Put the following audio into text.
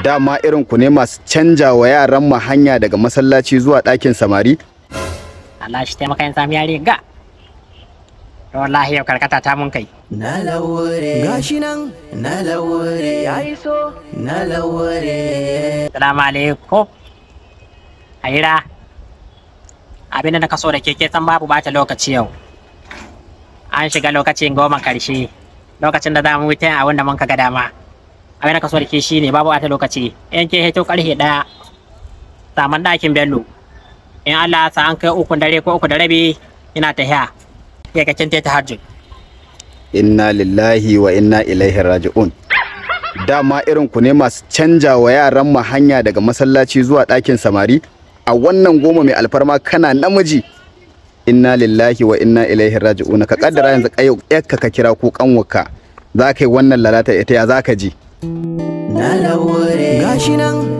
dama irin ku ne masu canja wa yaran mu hanya daga masallaci zuwa ɗakin samari Allah shi taimaka yin sami yare ga wallahi yau karkata ta mun kai na laure gashi nan na laure ya so na laure assalamu alaikum ayira da ka so da keke san babu bata lokaci yau an shiga lokacin goma karshe lokacin da za mu wuce a wanda mun kaga dama abin da kaso da ke shine babu wata lokaci in ke heto karfe daya saman dakin bello in Allah sa an kai uku dare ko uku da rabi ina haya ya kacin ta tahajjud inna lillahi wa inna ilaihi raji'un dama irin ku ne masu canja wa yaran mu hanya daga masallaci zuwa dakin samari a wannan goma mai alfarma kana namiji inna lillahi wa inna ilaihi raji'un ka kaddara yanzu kai ka kira ko kanwaka za ka yi wannan lalata ita ya za ka ji na laure gashi nan